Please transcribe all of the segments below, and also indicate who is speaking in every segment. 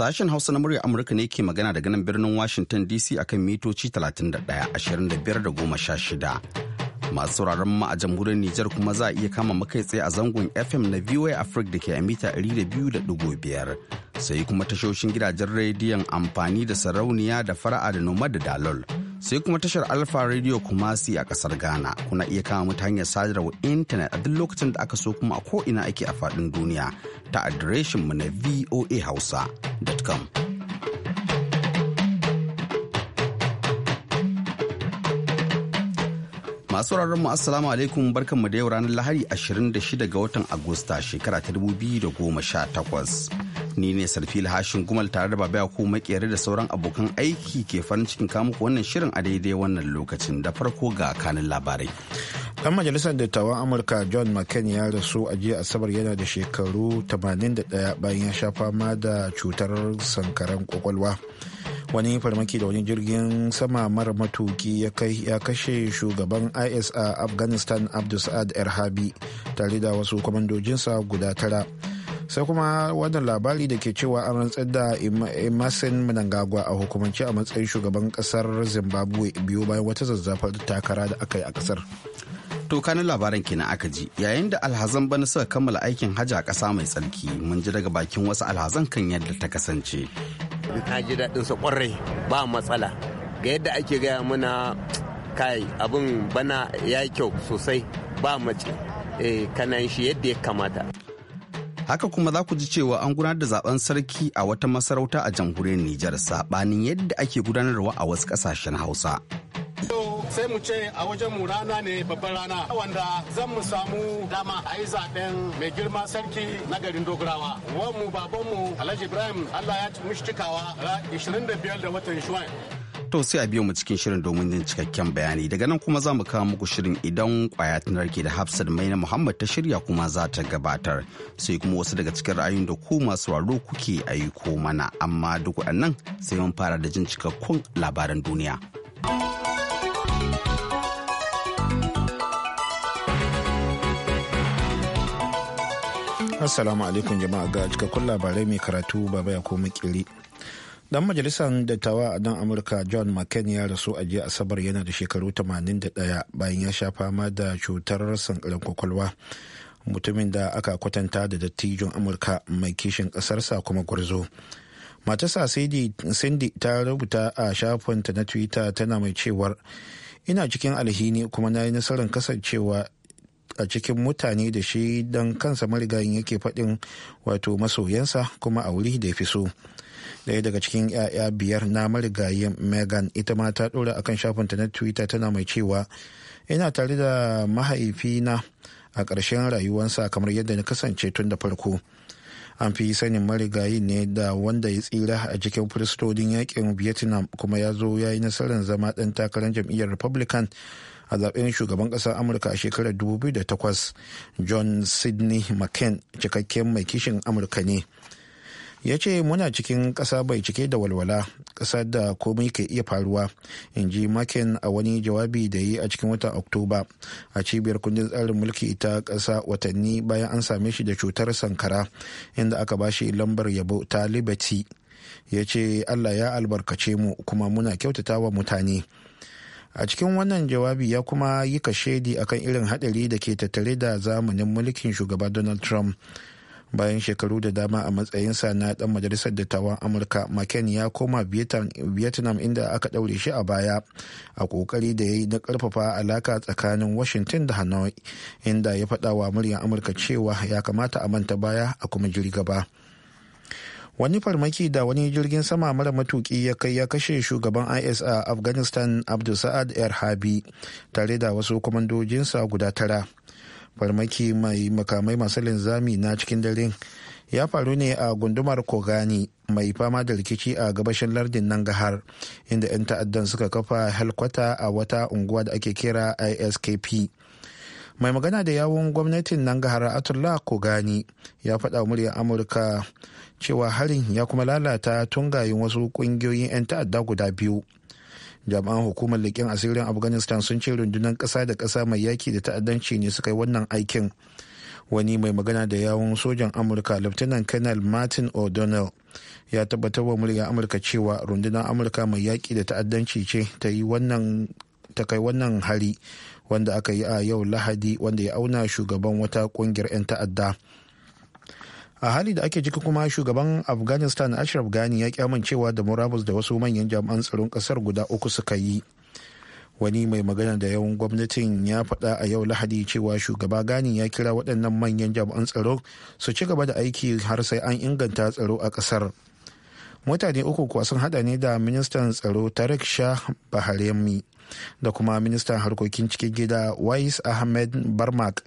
Speaker 1: Sashen Hausa na murya Amurka ne ke magana daga nan birnin Washington DC akan mitoci 31-25-16. Masu sauraron mu a jamhuriyar Nijar kuma za a iya kama makai tsaye a zangon FM na VOA Africa da ke a mita 200.5. Sai kuma tashoshin gidajen rediyon amfani da sarauniya da fara'a da noma da dalol. sai kuma tashar alfa radio kumasi a kasar ghana kuna iya kama mu ta hanyar sadarwa intanet a duk lokacin da aka so kuma a ko'ina ake a faɗin duniya ta adireshin mu na voahausa.com masu mu assalamu alaikum barkanmu da yau ranar lahari 26 ga watan agusta shekara ta 2018 ni ne sarfil hashin gumal tare da babaya ko makere da sauran abokan aiki ke farin cikin kamuku wannan shirin a daidai wannan
Speaker 2: lokacin da farko ga
Speaker 1: kanin labarai
Speaker 2: dan majalisar dattawan amurka john mccain ya rasu a jiya asabar yana da shekaru 81 bayan ya sha fama da cutar sankaran kwakwalwa wani farmaki da wani jirgin sama mara matuki ya ya kashe shugaban is a afghanistan abdus sa'ad erhabi tare da wasu kwamandojinsa guda tara sai kuma wannan labari da ke cewa an rantsar da emerson mnangagwa a hukumance a matsayin shugaban kasar zimbabwe biyu bayan wata zazzafar takara da aka yi a kasar
Speaker 1: to kanin labaran kenan aka ji yayin da alhazan bani suka kammala aikin hajji a kasa mai tsarki mun ji daga bakin wasu alhazan kan yadda ta kasance
Speaker 3: na ji daɗin su kwarai ba matsala ga yadda ake gaya mana kai abin bana ya kyau sosai ba mace eh, kanan shi yadda ya kamata
Speaker 1: Haka kuma za ku ji cewa an gudanar da zaben sarki a wata masarauta a jamhuriyar Nijar sabanin yadda ake gudanarwa a wasu kasashen Hausa.
Speaker 4: sai mu ce a wajen mu rana ne babban rana wanda zan mu samu dama a yi zaben mai girma sarki na garin dogarawa wanmu babanmu alhaji ibrahim allah ya ci mushtikawa 25 da watan shuwan
Speaker 1: to sai a biyo mu cikin shirin domin jin cikakken bayani daga nan kuma za mu kawo muku shirin idan kwaya tunar narke da mai maina muhammad ta shirya kuma za ta gabatar sai kuma wasu daga cikin ra'ayin da ku masu raro kuke aiko mana amma duk waɗannan sai mun fara da jin cikakkun labaran duniya.
Speaker 2: Assalamu alaikum jama'a ga cikakkun labarai mai karatu baba ya komi kiri. Dan majalisar dattawa a nan Amurka John McCain ya rasu a jiya Asabar yana da shekaru 81 bayan ya sha fama da cutar sankaran kwakwalwa. Mutumin da aka kwatanta da dattijon Amurka mai kishin ƙasarsa kuma gwarzo. Matarsa Cindy ta rubuta a shafinta na Twitter tana mai cewar ina cikin alhini kuma na yi nasarar kasancewa a cikin mutane da shi don kansa marigayin yake faɗin wato masoyansa kuma a wuri da ya fi so. daya daga cikin 'ya'ya biyar na marigayi megan ita ma ta dora akan shafinta na twitter tana mai cewa ina tare da mahaifina a ƙarshen rayuwansa kamar yadda na kasance tun da farko an fi sanin marigayi ne da wanda ya tsira a cikin firistodin yakin vietnam kuma ya zo ya yi nasarar zama ɗan takarar jam'iyyar republican a zaɓen shugaban ƙasar amurka a shekarar 2008 john sidney mccain cikakken mai kishin amurka ne ya ce muna cikin ƙasa bai cike da walwala ƙasa da komai ke iya faruwa in ji makin a wani jawabi da yi a cikin watan oktoba a cibiyar kundin tsarin mulki ta ƙasa watanni bayan an same shi da cutar sankara inda aka ba shi lambar yabo ta liberty ya ce allah ya albarkace mu kuma muna kyautata wa mutane a cikin wannan jawabi ya kuma yi kashedi akan irin hadari da ke tattare da zamanin mulkin shugaba donald trump bayan shekaru da dama a matsayinsa na dan majalisar dattawan amurka maken ya koma vietnam inda aka daure shi a baya a kokari da ya yi na karfafa alaka tsakanin washington da hanoi inda ya faɗa wa muryar amurka cewa ya kamata a manta baya a kuma jiri gaba wani farmaki da wani jirgin sama mara matuki ya kai ya kashe shugaban is a afghanistan abdulsa'ad erhabi tare da wasu kwamandojinsa guda tara farmaki mai makamai masu linzami na cikin dare ya faru ne a gundumar kogani mai fama da rikici a gabashin lardin nan gahar inda 'yan ta'addan suka kafa helkwata a wata unguwa da ake kira iskp mai magana da yawun gwamnatin nan gahar atullah kogani ya faɗa muryar amurka cewa harin ya kuma lalata tungayin wasu ƙungiyoyin 'yan ta'adda guda biyu jami'an hukumar leƙen asirin afghanistan sun ce rundunar ƙasa da ƙasa mai yaki da ta'addanci ne suka yi wannan aikin wani mai magana da yawon sojan amurka lieutenant colonel martin o'donnell ya tabbatar wa murya amurka cewa rundunar amurka mai yaƙi da ta'addanci ce ta ta kai wannan hari wanda aka yi a yau lahadi wanda ya auna shugaban wata kungiyar 'yan ta'adda a hali da ake ciki kuma shugaban afghanistan ashraf gani ya kyamancewa da murabus da wasu manyan jami'an tsaron kasar guda uku suka yi wani mai magana da yawan gwamnatin ya faɗa a yau lahadi cewa shugaba gani ya kira waɗannan manyan jami'an tsaro su ci gaba da aiki har sai an inganta tsaro a ƙasar mutane uku kuwa sun hada ne da ministan tsaro tarik shah baharemi da kuma ministan harkokin cikin gida wais ahmed barmak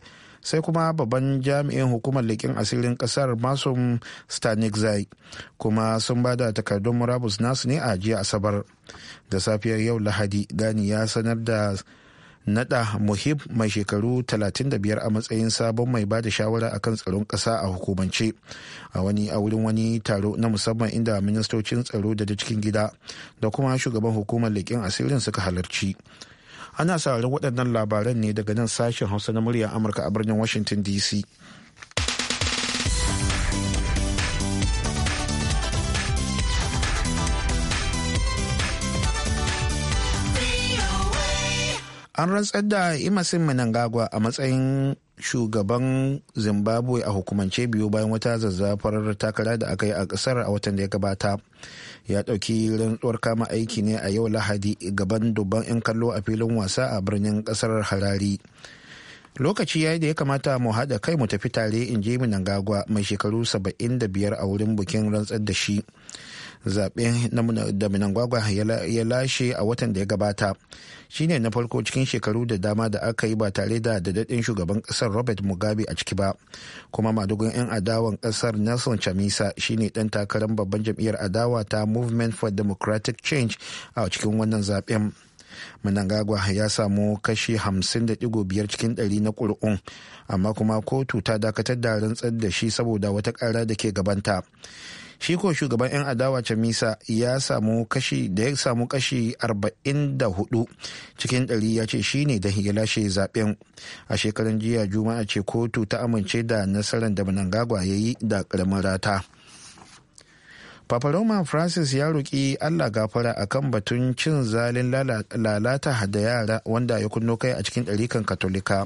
Speaker 2: sai kuma babban jami'in hukumar leƙin asirin ƙasar masum stanik zai kuma sun ba da takardun murabus nasu ne a jiya asabar da safiyar yau lahadi gani ya sanar da nada muhib mai shekaru 35 a matsayin sabon mai bada shawara akan tsaron ƙasa a hukumance a wani a wurin wani taro na musamman inda ministocin tsaro da da cikin gida da kuma shugaban hukumar leƙen asirin suka halarci ana sauraron waɗannan labaran ne daga nan sashen hausa na murya amurka a birnin washington dc an rantsar da imasin manangagwa a matsayin shugaban zimbabwe a hukumance biyu bayan wata zazzafar takara da aka yi a kasar a watan da ya gabata ya dauki rantsuwar kama aiki ne a yau lahadi gaban dubban 'yan kallo a filin wasa a birnin kasar harari lokaci yayi da ya kamata mu haɗa kai mu tafi tare in je minangagwa mai shekaru 75 a wurin bukin rantsar da shi zaɓe da minangwagwa ya lashe a watan da ya gabata shine na farko cikin shekaru da dama da aka yi ba tare da dadaɗin shugaban ƙasar robert mugabe a ciki ba kuma madugun 'yan adawan ƙasar nelson chamisa shine ɗan takarar babban jam'iyyar adawa ta movement for democratic change a cikin wannan zaɓen manangagwa ya samu kashi 50.5 cikin 100 na ƙuri'un, amma kuma kotu ta dakatar da rantsar da shi saboda wata ƙara da ke gabanta. shi ko shugaban 'yan adawa chamisa ya samu kashi da ya samu kashi 44 cikin 100 ya ce shi ne da ya lashe zaben a shekarun jiya juma'a ce kotu ta amince da nasarar da manangagwa ya yi da karamin rata Papa Francis ya roƙi Allah gafara akan batun cin zalin lalata da yara wanda ya kunno kai a cikin ɗarikan Katolika.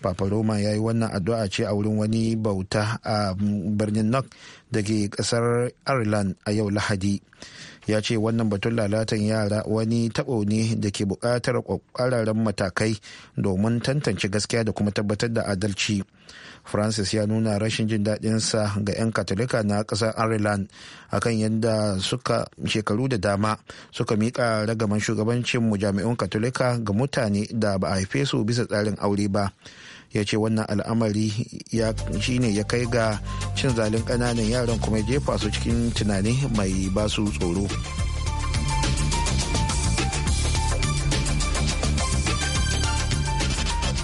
Speaker 2: Papa Roma ya yi wannan addu'a ce a wurin wani bauta a birnin Nok da ke kasar Ireland a yau Lahadi. Ya ce wannan batun lalatan yara wani taɓo ne da ke buƙatar ƙwararren matakai domin tantance gaskiya da kuma tabbatar da adalci. Francis ya nuna rashin jin daɗinsa ga 'yan Katolika na ƙasar Ireland a kan yadda suka shekaru da dama suka miƙa ragaman shugabancin mu jami'un Katolika ga mutane da ba a haife su bisa tsarin aure ba. ya ce wannan al'amari shine ya kai ga cin zalin ƙananan yaran kuma jefa su cikin tunani mai ba su tsoro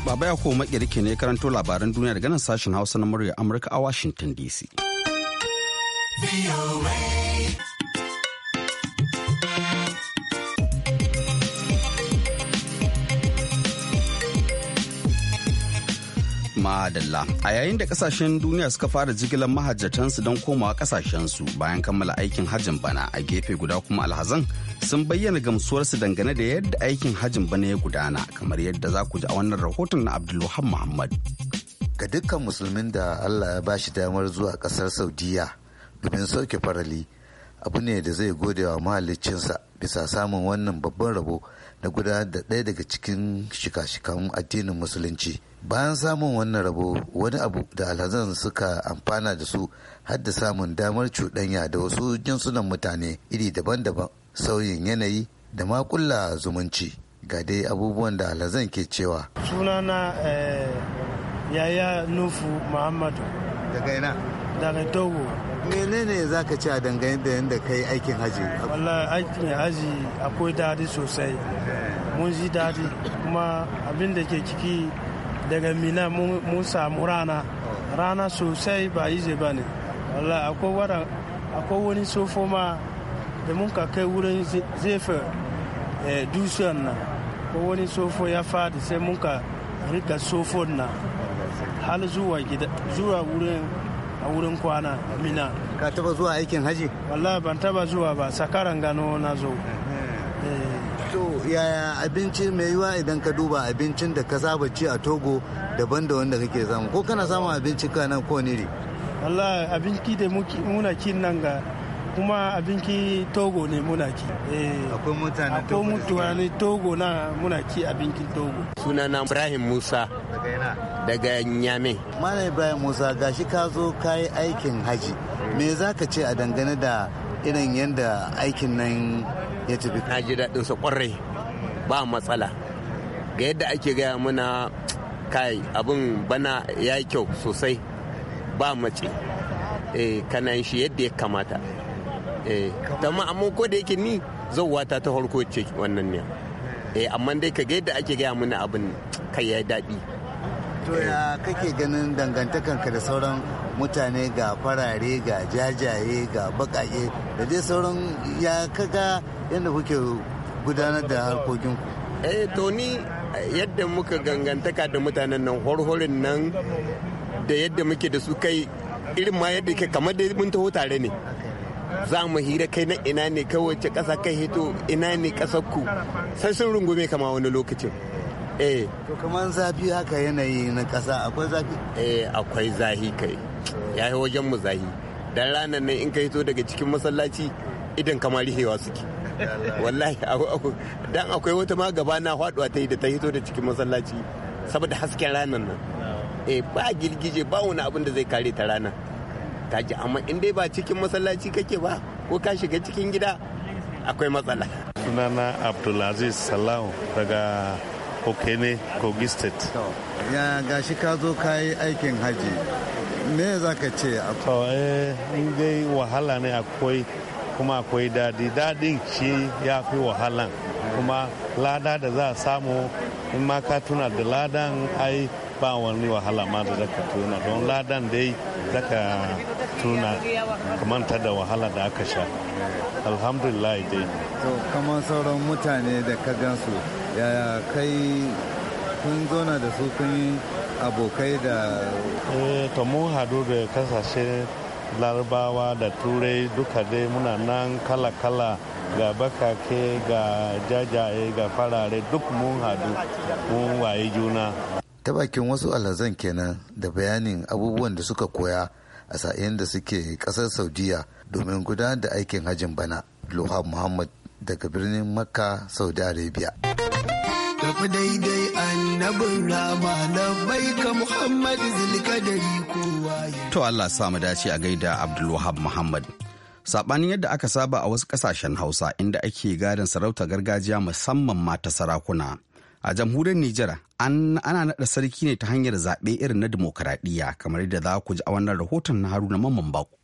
Speaker 1: Baba ya kuma makirke ne karanto labaran duniya daga nan sashen Hausa na murya Amurka a Washington DC. Madalla. A yayin da kasashen duniya suka fara jigilar mahajjatansu don komawa kasashensu bayan kammala aikin hajjin bana a gefe guda kuma alhazan sun bayyana gamsuwarsu dangane da yadda aikin hajjin bana ya
Speaker 5: gudana kamar yadda za ku ji a wannan rahoton na Abdulluhan Muhammad. Ga dukkan musulmin da Allah ya bashi damar zuwa kasar Saudiya domin sauke farali abu ne da zai gode wa mahallicinsa bisa samun wannan babban rabo na gudanar da ɗaya daga cikin shika-shikan addinin musulunci. bayan samun wannan rabo wani abu da alhazan suka amfana da su har da samun damar cuɗanya da wasu jinsunan mutane iri daban-daban sauyin yanayi da makulla zumunci ga dai abubuwan da alhazan ke cewa
Speaker 6: sunana eh, yaya nufu muhammadu daga ina daga togo
Speaker 5: menene za ka ci a dangane
Speaker 6: da yadda ka yi aikin haji wallahi aikin haji akwai daɗi sosai eh. mun ji daɗi kuma abin da ke ciki daga mina mu samu rana rana sosai ba ize ba ne akwai wani sofo ma da mun ka kai wurin zefe dusiyar na ko wani sofo ya fadi sai mun ka rika sofon na hal zuwa gida zuwa wurin a wurin kwana mina ka taba zuwa aikin haji wallahi ban taba zuwa ba sakaran gano na zo
Speaker 5: to yaya abinci mai yiwa idan ka duba abincin da ka saba ci a togo daban da wanda kake samu ko kana samun abinci ka nan ko ne
Speaker 6: Allah abinci da muna ki nan ga kuma abinci togo ne muna ki. Eh, akwai mutane akwai mutane togo na muna
Speaker 5: ki abincin togo sunana ibrahim musa
Speaker 3: daga nyame
Speaker 5: malam ibrahim musa gashi ka zo ka aikin haji me za ka ce a dangane da irin yadda aikin nan ya tafi
Speaker 3: na ji daɗin sa kwarai ba matsala ga yadda ake gaya mana kai abin bana ya kyau sosai ba mace eh kana shi yadda ya kamata eh, tamma amma ko da yake ni wata ta harko ce wannan ne eh, amma dai ka ga yadda ake gaya mana abin kai ya daɗi
Speaker 5: to ya kake ganin dangantakanka da sauran mutane ga farare ga jajaye ga bakaye da dai sauran ya kaga yadda kuke gudanar da harkokinku eh to
Speaker 3: ni yadda muka gangantaka da mutanen nan horhorin nan da yadda muke da su kai irin ma yadda ke kamar da mun taho tare ne za mu hira kai na ina ne kawai wace ƙasa kai hito ina ne kasar ku sai sun rungume kama wani lokacin
Speaker 5: eh to kamar zafi haka yanayi na ƙasa akwai zafi
Speaker 3: eh akwai zafi kai ya yi wajen mu zafi dan ranar nan in ka hito daga cikin masallaci idan kamar rihewa suke wallahi dan akwai wata ma gaba na faduwa ta yi da ta hito da cikin masallaci saboda hasken ranar nan eh ba girgije ba wani abin da zai kare ta rana ta ji amma in dai ba cikin masallaci kake ba ko ka shiga cikin gida akwai matsala
Speaker 6: sunana abdulaziz Salau daga okene kogi state
Speaker 5: ya gashi ka zo ka yi aikin haji me za ka ce a eh, dai wahala ne akwai kuma
Speaker 6: akwai daɗi daɗin shi ya fi wahalan kuma lada da za a samu in ma ka tuna da ladan ai ba wani wahala ma da zaka tuna don ladan dai zaka tuna kamanta da wahala da aka sha
Speaker 5: alhamdulillah dai to kamar sauran mutane da ka gansu ya kai kun zona da su kun abokai da eh,
Speaker 6: to mun hadu da kasashe larabawa da turai duka dai muna nan kala-kala ga bakake ga jajaye ga farare duk mun hadu
Speaker 5: mun waye juna ta bakin wasu alhazan kenan da bayanin abubuwan da suka koya a sa'in da suke kasar saudiya domin gudanar da aikin hajin bana luhab muhammad daga birnin makka saudi arabia
Speaker 3: tafi daidai annabin rama labai ka Muhammad da
Speaker 7: kowa
Speaker 1: To Allah sa mu dace a gaida Abdulwahab Muhammad. Saɓanin yadda aka saba a wasu ƙasashen Hausa inda ake gadon sarauta gargajiya musamman ma ta sarakuna. A jamhuriyar Nijar ana naɗa sarki ne ta hanyar zaɓe irin na dimokuraɗiyya kamar yadda za ku ji a wannan rahoton na Haruna Mamman baku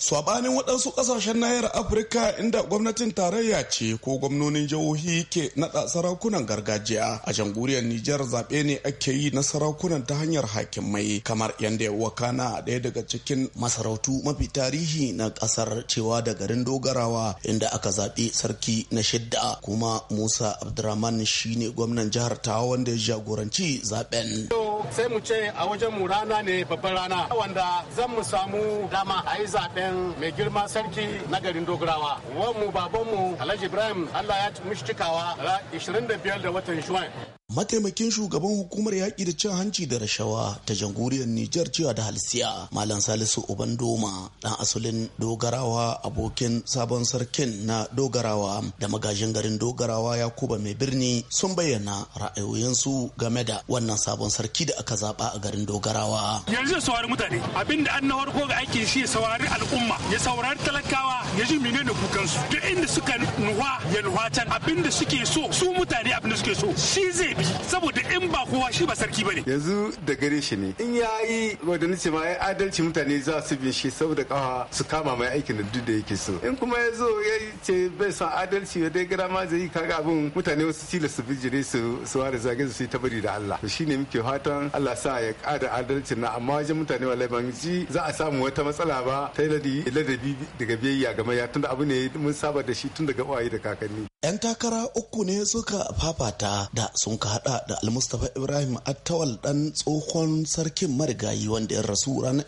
Speaker 4: Swabanin waɗansu ƙasashen nahiyar Afirka inda gwamnatin tarayya ce ko gwamnonin jihohi ke naɗa sarakunan gargajiya a jamhuriyar Nijar zaɓe ne ake yi na sarakunan ta hanyar hakimai kamar yadda ya wakana ɗaya daga cikin masarautu mafi tarihi na ƙasar cewa da garin dogarawa inda aka zaɓi sarki na shidda kuma Musa Abdurrahman shine gwamnan jihar ta wanda ya jagoranci zaɓen. sai mu ce a wajen mu rana ne babban rana wanda zan mu samu dama a yi zaben mai girma sarki na garin dogarawa wanmu babanmu alhaji ibrahim allah ya mishi cikawa 25 da watan juwan mataimakin shugaban hukumar yaƙi da cin hanci da rashawa ta jamhuriyar Nijar cewa da halisiya, Malam Salisu Ubandoma dan asalin dogarawa abokin sabon sarkin na dogarawa da magajin garin dogarawa Yakuba mai birni sun bayyana ra'ayoyinsu game da wannan sabon sarki da aka zaba a garin dogarawa. Yanzu ya saurari mutane abinda an na farko ga aikin shi ya saurari al'umma ya saurari talakawa ya ji menene kukansu duk inda suka nuwa ya nuwa can abinda suke so su mutane abin da suke so shi zai saboda in ba kowa shi ba sarki bane yanzu da gare shi ne in yayi wanda nace ma adalci mutane za su bin shi saboda kawa su kama mai aikin da duk da yake so in kuma ya zo ya ce bai san adalci dai gara ma zai yi kaga abin mutane wasu tilas su bijire su su ware zage su ta bari da Allah to shine muke fatan Allah sa ya kada adalci na amma wajen mutane wallahi ban ji za a samu wata matsala ba ta ladabi daga biyayya ga maya tunda abu ne
Speaker 6: mun saba da shi tun daga uwaye da kakanni
Speaker 4: yan takara uku ne suka fafata da sun suka hada da almustapha ibrahim attawal dan tsohon sarkin marigayi wanda ya rasu ranar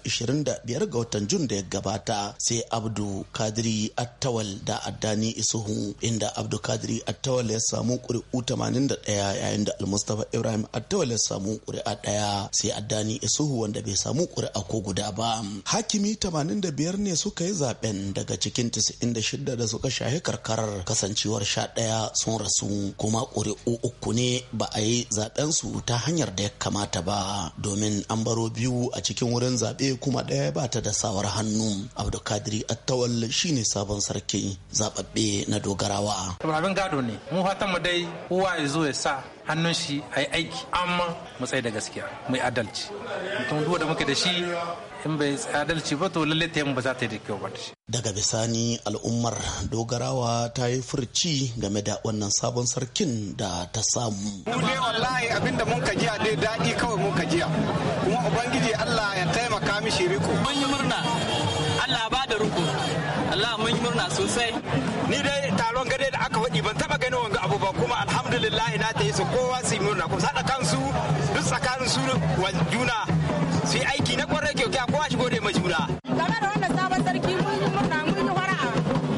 Speaker 4: 25 ga watan jun da ya gabata sai abdu kadiri attawal da addani isuhu inda abdu kadiri attawal ya samu kuri'u 81 yayin da almustapha ibrahim attawal ya samu kuri'a ɗaya sai addani isuhu wanda bai samu kuri'a ko guda ba hakimi 85 ne suka yi zaben daga cikin 96 da suka shahi karkarar kasancewar 11 sun rasu kuma kuri'u uku ne ba a yi zaben su ta hanyar da ya kamata ba domin an baro biyu a cikin wurin zaɓe kuma ɗaya ba ta da sawar hannu abdulkadir attawal shine sabon sarki zaɓaɓɓe na dogarawa.
Speaker 1: abin gado ne mu fatan mu dai kowa ya zo ya sa hannun shi a yi aiki amma mu tsaye da gaskiya mai adalci mutum duwa da muke da shi
Speaker 6: in bai adalci ba to lalle ta ba za ta yi da kyau ba
Speaker 4: daga bisani al'ummar dogarawa ta yi furci game da wannan sabon sarkin da ta samu
Speaker 1: mu dai wallahi abinda mun ka jiya dai daɗi kawai mun ka jiya kuma ubangiji Allah ya taimaka mishi riko mun yi murna Allah ba da riko Allah mun yi murna sosai ni dai taron gare da aka waɗi ban alhamdulillah ina ta yi su kowa su yi murna kuma sada kansu duk tsakanin su juna su yi aiki na kwarai
Speaker 3: kyau kya kowa shi gode ma juna.
Speaker 8: game da wannan sabon sarki mun yi murna mun yi fara'a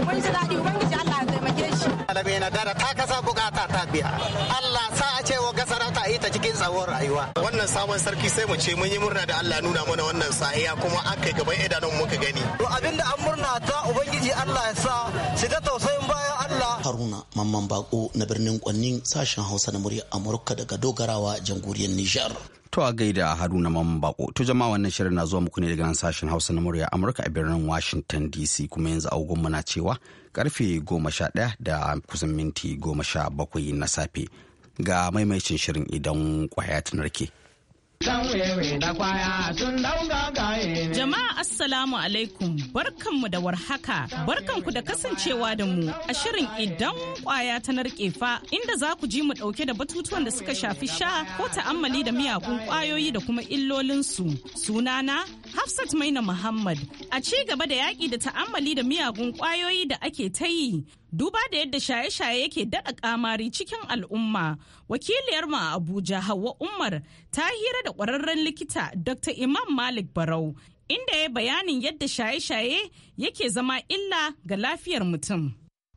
Speaker 8: mun ji daɗi ubangiji Allah ya taimake shi.
Speaker 3: malamai na dara ta kasa bukata ta biya Allah sa a ce wa yi ita cikin tsawon rayuwa. Wannan sabon sarki sai mu ce mun yi murna da Allah nuna mana wannan sahiya kuma an kai gaban idanun muka gani. To abinda an murna ta ubangiji Allah ya sa
Speaker 5: su ta tausayin baya
Speaker 4: haruna mamman bako na birnin kwannin sashen hausa na murya amurka
Speaker 1: daga dogarawa jamhuriyar nijar to a gaida haruna mamman bako to jama'a wannan shirin na zuwa muku ne daga sashen hausa na murya amurka a birnin washington dc kuma yanzu agogon muna cewa karfe goma sha daya da kusan minti goma sha bakwai na safe ga maimaicin shirin idan kwaya ta narke.
Speaker 4: da kwaya sun dauga
Speaker 8: Jama'a Assalamu alaikum barkan mu da warhaka barkanku da kasancewa da mu a shirin idan kwaya ta narke fa inda za ku ji mu dauke da batutuwan da suka shafi sha ko ta'ammali da miyagun kwayoyi da kuma illolinsu. Sunana Hafsat Maina Muhammad a ci gaba da yaƙi da ta'ammali da miyagun ƙwayoyi da ake ta yi duba da yadda shaye-shaye yake daɗa ƙamari cikin al'umma wakiliyar ma a abuja hawa umar ta hira da ƙwararren likita dr imam malik barau inda ya bayanin yadda shaye-shaye yake zama illa ga lafiyar mutum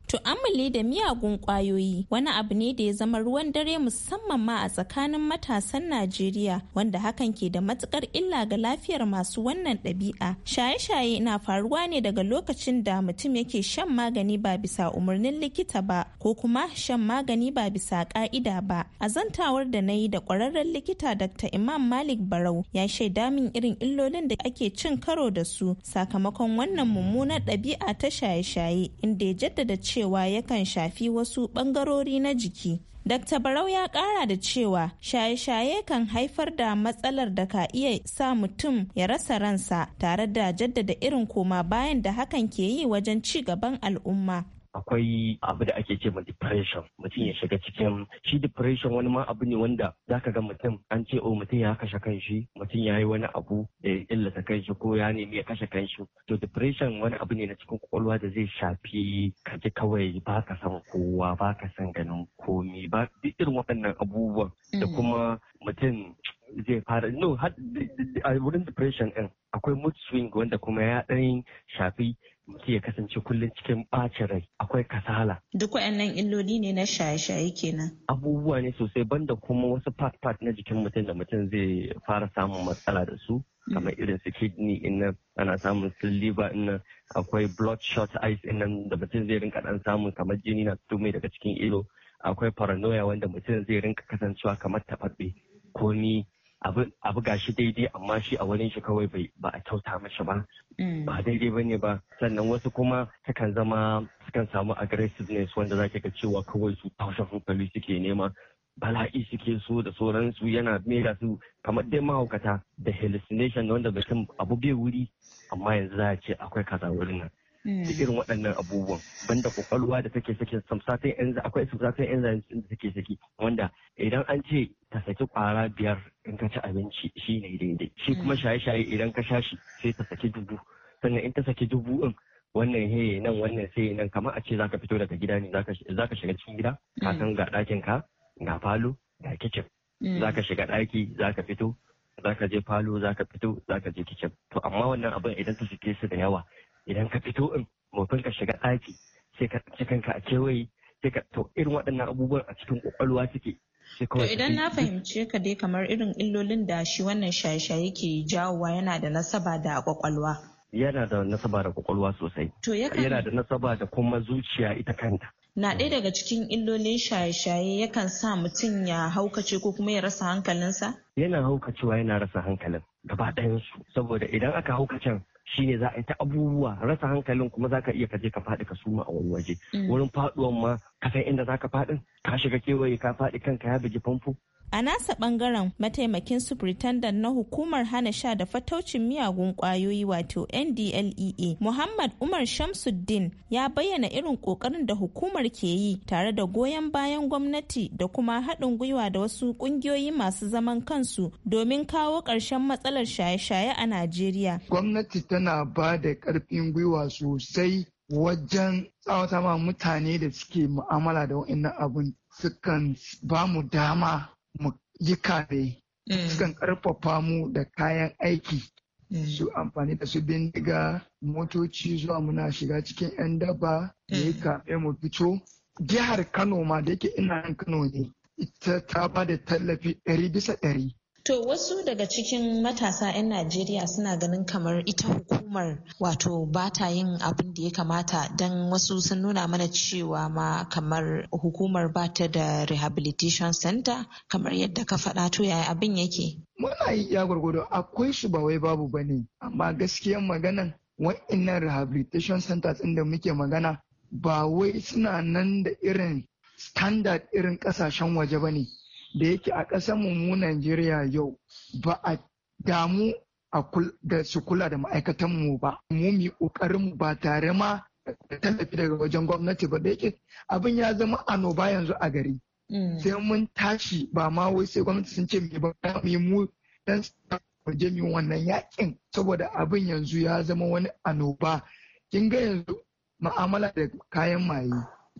Speaker 9: To amule da miyagun ƙwayoyi wani abu ne da ya zama ruwan dare musamman ma a tsakanin matasan Najeriya wanda hakan ke da matukar illa ga lafiyar masu wannan ɗabi'a. Shaye-shaye na faruwa ne daga lokacin da mutum yake shan magani ba bisa umarnin likita ba ko kuma shan magani ba bisa ƙa'ida ba. A zantawar da na yi da ƙwararren likita Dr. Imam Malik Barau ya shaida min irin illolin da ake cin karo da su sakamakon wannan mummunar ɗabi'a ta shaye-shaye inda ya jaddada cewa yakan shafi wasu ɓangarori na jiki. Dr. Barau ya ƙara da cewa shaye-shaye kan haifar da matsalar da ka iya sa mutum ya rasa ransa tare da jaddada irin koma bayan da hakan ke yi wajen ci gaban al'umma.
Speaker 10: akwai abu da ake ce ma depression mutum ya shiga cikin shi depression wani ma abu ne wanda zaka ga mutum an ce o oh, mutum ya kashe kanshi mutum ya yi wani abu da ya illata kanshi ko ya nemi ya kashe kanshi to depression wani abu ne na cikin kwakwalwa da zai shafi ka ji kawai ba ka san kowa ba ka san ganin komi ba duk irin waɗannan abubuwan da mm. kuma mutum zai fara no a wurin depression din akwai mood swing wanda kuma ya ɗan shafi mutum ya kasance kullum cikin ɓacin rai akwai kasala.
Speaker 9: Duk waɗannan illoli ne na shaye-shaye kenan.
Speaker 10: Abubuwa ne sosai banda kuma wasu part-part na jikin mutum da mutum zai fara samun matsala da su. kamar mm. irin su kidney nan, ana samun su liver nan, akwai blood shot eyes nan, da mutum zai rinka dan samun kamar jini na fito daga cikin ilo akwai paranoia wanda mutum zai rinka kasancewa kamar taɓaɓɓe ko ni abu ga shi daidai amma shi a wurin shi kawai ba a kyauta mashi ba mm. ba daidai ba ne ba sannan wasu kuma sukan zama sukan samu aggressiveness wanda za ga cewa kawai su taushen hankali suke nema bala'i suke so da sauransu yana mera su kamar dai mahaukata da hallucination wanda mutum abu bai wuri amma yanzu za a ce akwai kaza wurin nan mm. da irin waɗannan abubuwan banda kwakwalwa da take sakin samsatin enzyme akwai samsatin enzyme da take saki wanda idan an ce ta saki kwara biyar in ka ci abinci shi ne daidai shi kuma mm. shaye-shaye idan ka sha shi sai ta saki dubu sannan in ta saki dubu in wannan he nan wannan sai nan kamar a ce zaka fito daga gida ne zaka shiga cikin gida ka mm. san ga ɗakin ka ga falo ga kicin mm. zaka shiga ɗaki zaka fito zaka je falo zaka fito zaka je kicin to amma wannan abin idan ta suke su da yawa idan ka fito in mutum ka shiga ɗaki sai ka cikin ka a kewaye sai ka to irin waɗannan abubuwan a cikin ƙwaƙwalwa suke To idan na
Speaker 9: fahimce ka dai kamar irin illolin da shi wannan shaye-shaye ke jawowa yana da nasaba da kwakwalwa.
Speaker 10: Yana da nasaba da kwakwalwa sosai. To Yana da nasaba da kuma zuciya ita kanta.
Speaker 9: Na ɗaya daga cikin illolin shaye-shaye yakan sa mutum ya haukace ko kuma ya rasa hankalinsa?
Speaker 10: Yana haukacewa yana rasa hankalin gaba ɗayansu saboda idan aka haukacen shi ne za a yi ta abubuwa rasa hankalin kuma za ka iya kaje ka faɗi ka suma a wani waje mm. wurin faɗuwan ma ka inda za ka faɗin ka shiga kewaye ka faɗi kanka ya bugi famfo
Speaker 9: A nasa bangaren mataimakin superintendent na hukumar hana sha da fataucin miyagun kwayoyi wato NDLEA Muhammad Umar Shamsuddin ya bayyana irin kokarin da hukumar ke yi tare da goyon bayan gwamnati da kuma haɗin gwiwa da wasu ƙungiyoyi masu zaman kansu domin kawo ƙarshen matsalar shaye-shaye a Najeriya.
Speaker 7: Gwamnati tana ba da ƙarfin gwiwa sosai wajen tsawata ma mutane da suke mu'amala da wa'in abun sukan ba mu dama mu yi kare. Mm. sukan karfafa mu da kayan aiki mm. su amfani da su bindiga motoci zuwa muna shiga cikin 'yan daba da ya mm. kame mu fito jihar kano ma da yake ina yan kano ne ita ta ba da tallafi ɗari bisa ɗari
Speaker 9: To wasu daga cikin matasa 'yan Najeriya suna ganin kamar ita hukumar wato ba ta yin abin da ya kamata don wasu sun nuna mana cewa ma kamar hukumar ba ta da rehabilitation center kamar yadda ka faɗa to yaya abin yake.
Speaker 7: Muna yi ya gwargwado akwai shi ba wai babu ba ne. amma gaskiyan maganan wa'innan rehabilitation centers inda muke magana ba wai suna nan da irin standard irin kasashen waje ba ne da yake a ƙasar mu Najeriya yau ba a damu da su kula da ma'aikatan mu ba mu mi ƙoƙarin ba tare ma tallafi daga wajen gwamnati ba da yake abin ya zama annoba yanzu a gari mm. sai mun tashi ba ma wai sai gwamnati sun ce me ba mu mu dan waje mu wannan yakin saboda abin yanzu ya zama wani annoba kin ga yanzu ma'amala da kayan maye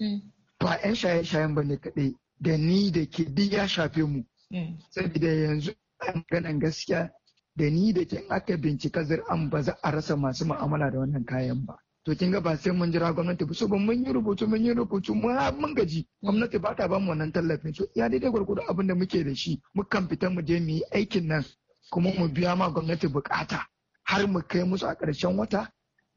Speaker 7: mm. ba 'yan shaye-shayen ba ne kaɗai da ni da ke duk ya shafe mu mm. saboda yanzu maganan gaskiya da ni da ke aka bincika zir'an ba za a rasa masu ma'amala da wannan kayan ba to kin ga ba sai mun jira gwamnati ba so ban mun yi rubutu mun yi rubutu mun ah, mun gaji mm. gwamnati ba ta ba mu wannan tallafin so ya daidai gurgudu abin da muke da shi mukan fita mu je mu yi aikin nan kuma mu biya ma gwamnati bukata har mu kai musu a ƙarshen wata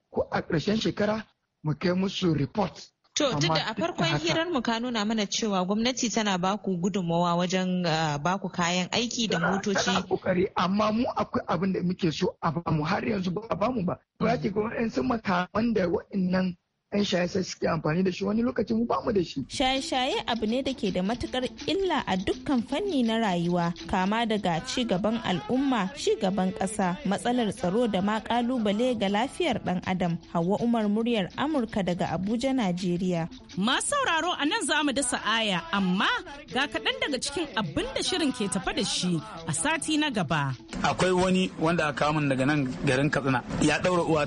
Speaker 7: ko a ƙarshen shekara mu kai musu report To tun a farkon hirar
Speaker 9: mu ka nuna mana cewa gwamnati tana baku gudunmawa wajen
Speaker 7: ah, baku kayan aiki da motoci. kokari amma mu akwai abin da muke so a bamu har yanzu ba a bamu ba. Ba ki ga sun makaman da wa'annan 'yan shaye-shaye suke amfani da shi wani lokacin mu da shi. Shaye-shaye abu ne da ke da matukar illa a dukkan fanni
Speaker 9: na rayuwa kama daga ci gaban al'umma, ci gaban ƙasa, matsalar tsaro da ma kalubale ga lafiyar ɗan adam. Hawa Umar muryar Amurka daga Abuja, Najeriya.
Speaker 8: Ma sauraro a nan za mu dasa aya amma ga kaɗan daga cikin abin da shirin ke tafa da shi a sati na gaba.
Speaker 4: Akwai wani wanda aka kamun daga nan garin
Speaker 1: Katsina ya ɗaura uwa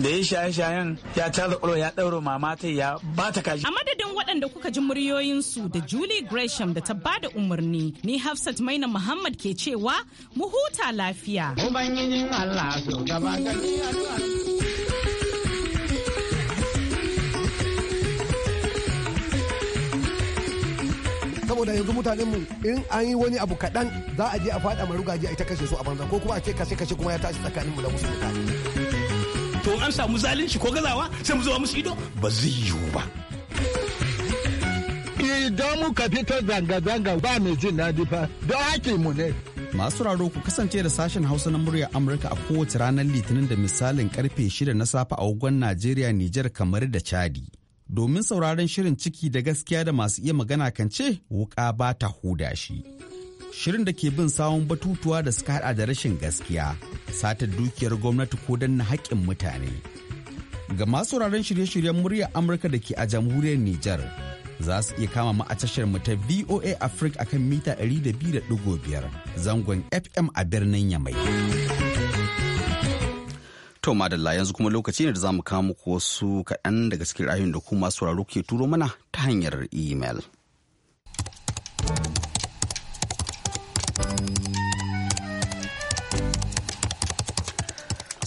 Speaker 1: da ya shaye-shayen ya tara ƙwaro ya ɗauro mama ta ya
Speaker 8: ba ta kaji. A madadin waɗanda kuka ji muryoyin su da Julie Gresham da ta bada umarni ni Hafsat Maina Muhammad ke cewa mu huta lafiya. Ubangijin Allah so gaba
Speaker 7: saboda yanzu mutanen mu in an yi wani abu kaɗan za a je a faɗa marugaji a ita kashe su a banza ko kuma a ce kashe kashe kuma ya tashi tsakanin mu da wasu
Speaker 4: mutane. to an samu zalunci ko gazawa sai mu zo musu ido ba zai yiwu ba
Speaker 5: idan muka fito zanga-zanga ba mai jin
Speaker 1: daɗi fa don haƙƙi mu ne masu raro ku kasance da sashen hausa na muryar amurka a kowace ranar litinin da misalin karfe shida na safe a wagon najeriya nijar kamar da chadi domin sauraron shirin ciki da gaskiya da masu iya magana kan ce wuka ba ta huda shi Shirin da ke bin sawun batutuwa da suka hada da rashin gaskiya, satar dukiyar gwamnati ko danna haƙƙin mutane. Ga masu sauraron shirye-shiryen muryar Amurka da ke a jamhuriyar Nijar, za su iya kama mu a tashar mu ta VOA Africa akan mita 200.5 zangon FM a birnin Yamai. To madalla yanzu kuma lokaci ne da za mu kawo muku wasu kaɗan daga cikin ra'ayoyin da kuma sauraro ke turo mana ta hanyar email.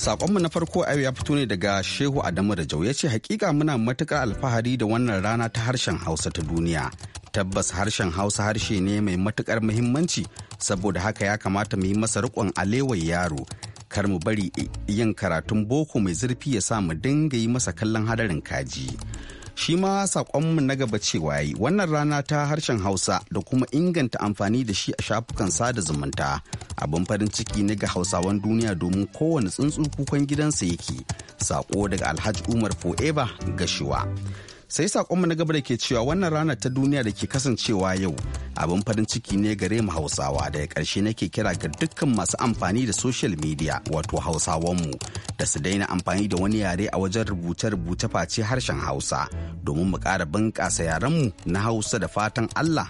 Speaker 1: Sakonmu na farko a ya fito ne daga Shehu Adamu da Jau ya ce hakika muna matukar alfahari da wannan rana ta harshen Hausa ta duniya. Tabbas harshen Hausa harshe ne mai matukar muhimmanci saboda haka ya kamata mu yi masa riƙon alewar yaro. Kar mu bari yin karatun boko mai zurfi ya sa mu dinga yi masa kallon hadarin kaji. shi ma saƙonmu na gaba cewa yi wannan rana ta harshen hausa da kuma inganta amfani da shi a shafukan sada zumunta abin farin ciki ne ga hausawan duniya domin kowane tsuntsu kukan gidansa yake saƙo daga alhaji umar fo'eba gashiwa sai sakonmu na gaba da ke cewa wannan rana ta duniya da ke kasancewa yau abin farin ciki ne gare mu hausawa daga ƙarshe nake kira ga dukkan masu amfani da social media wato hausawanmu da su daina amfani da wani yare a wajen rubuce-rubuce face harshen hausa domin mu ƙara bunƙasa yarenmu na hausa da fatan allah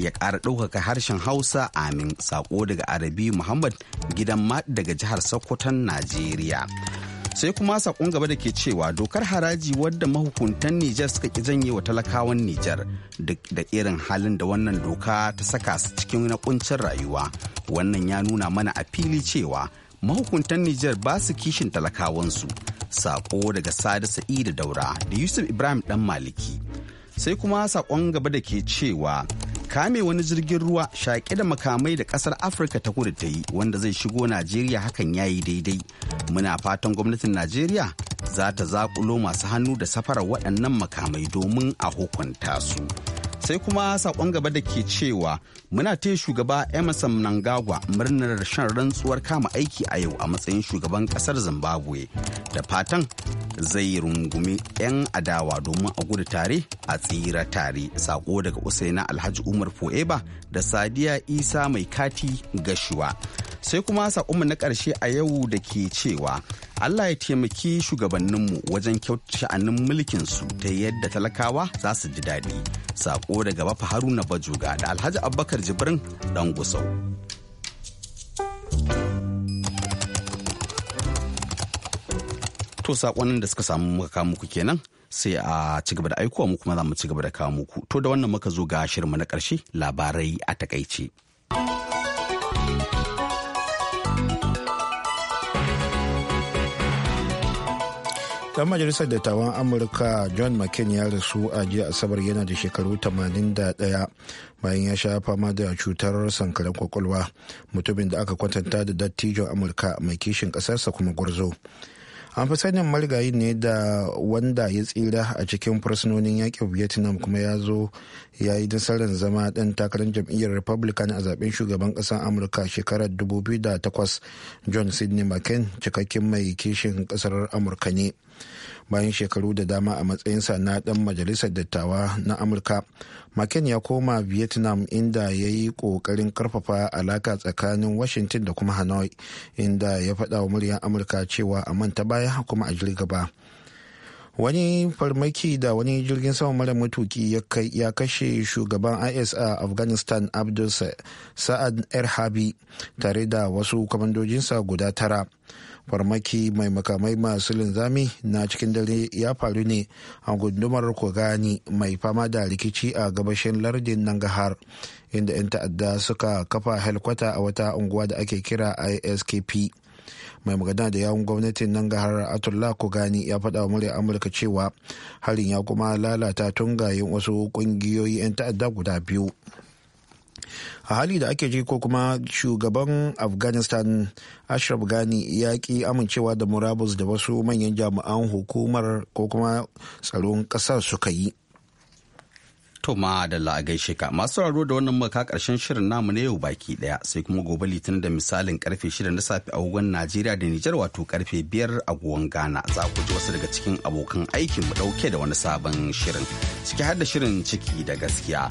Speaker 1: ya ƙara ɗaukaka harshen hausa amin sako daga arabi muhammad gidan daga jihar sokoton najeriya sai kuma sakon gaba da ke cewa dokar haraji wadda mahukuntan Nijar suka ki janye wa talakawan Nijar da irin halin da wannan doka ta saka su cikin na kuncin rayuwa wannan ya nuna mana a fili cewa mahukuntan Nijar ba su kishin talakawansu sako daga Sadi Sa'idu Daura da Yusuf Ibrahim dan Maliki sai kuma sakon gaba da ke cewa kame wani jirgin ruwa shaƙe da makamai da ƙasar afirka ta kudu ta yi wanda zai shigo najeriya hakan ya yi daidai muna fatan gwamnatin najeriya za ta zaƙulo masu hannu da safarar waɗannan makamai domin a hukunta su sai kuma sakon gaba da ke cewa muna te shugaba emerson mnangagwa murnar shan rantsuwar kama aiki a yau a matsayin shugaban kasar zimbabwe da fatan zai rungumi 'yan adawa domin a gudu tare a tsira tare sako daga usaina alhaji umar fo'eba da sadiya isa mai kati gashuwa sai kuma saƙonmu na ƙarshe a yau da ke cewa Allah ya taimaki shugabanninmu wajen kyauta sha'anin su ta yadda talakawa za su ji daɗi. Saƙo daga Bafa Haruna Bajuga da Alhaji Abubakar Jibrin ɗan Gusau. To saƙonin da suka samu muka muku kenan sai a ci gaba da aikowa mu kuma za mu ci gaba da kawo muku. To da wannan muka zo ga shirma na ƙarshe labarai a takaice.
Speaker 2: dan majalisar dattawan amurka john mccain ya rasu a jiya asabar yana da shekaru 81 bayan ya sha fama da cutar sankaran kwakwalwa mutumin da aka kwatanta da dattijon amurka mai kishin kasarsa kuma gwarzo an fi sanin marigayi ne da wanda ya tsira a cikin fursunonin yakin vietnam kuma ya zo ya yi nasarar zama ɗan takarar jam'iyyar republican a zaben shugaban ƙasar amurka shekarar 2008 john sidney mccain cikakken mai kishin ƙasar amurka ne bayan shekaru da dama a matsayinsa na dan majalisar dattawa na amurka maken ya koma vietnam inda ya yi kokarin karfafa alaka tsakanin washington da kuma hanoi inda ya faɗa wa muryar amurka cewa a manta baya kuma a jirga ba wani farmaki da wani jirgin sama mara matuki ya kashe shugaban is a afghanistan abdul sa'ad erhabi tare da wasu kwamandojinsa guda tara farmaki mai makamai masu linzami na cikin dare ya faru ne a gundumar kogani mai fama da rikici a gabashin lardin nangahar inda 'yan ta'adda suka kafa helkwata a wata unguwa da ake kira iskp mai magana da yawun gwamnatin nan gahar atullah kogani ya faɗa wa murya amurka cewa harin ya kuma lalata tungayen wasu ƙungiyoyi 'yan ta'adda guda biyu a hali da ake ji ko kuma shugaban afghanistan ashraf ghani ya ki amincewa da murabus da wasu manyan jami'an hukumar ko kuma tsaron kasar suka yi
Speaker 1: To ma da lagai sheka masu sauraro da wannan maka karshen shirin namu na yau baki daya sai kuma gobe litinin da misalin karfe shida na safe agogon Najeriya da Nijar wato karfe 5 agogon Ghana za ku ji wasu daga cikin abokan aikin mu dauke da wani sabon shirin ciki har da shirin ciki da gaskiya.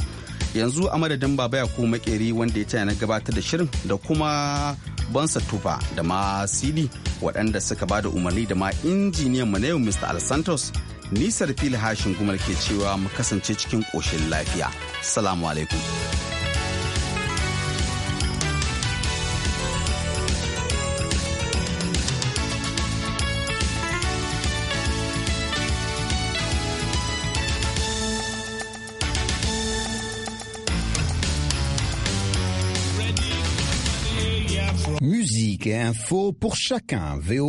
Speaker 1: yanzu a madadin baba ya ko makeri wanda ya taya na gabatar da shirin da kuma bansa tufa da ma sili waɗanda suka ba da umarni da ma injiniyan mu na yau mr alsantos nisar fili hashin gumar ke cewa mu kasance cikin ƙoshin lafiya salamu alaikum
Speaker 7: Info pour chacun. VO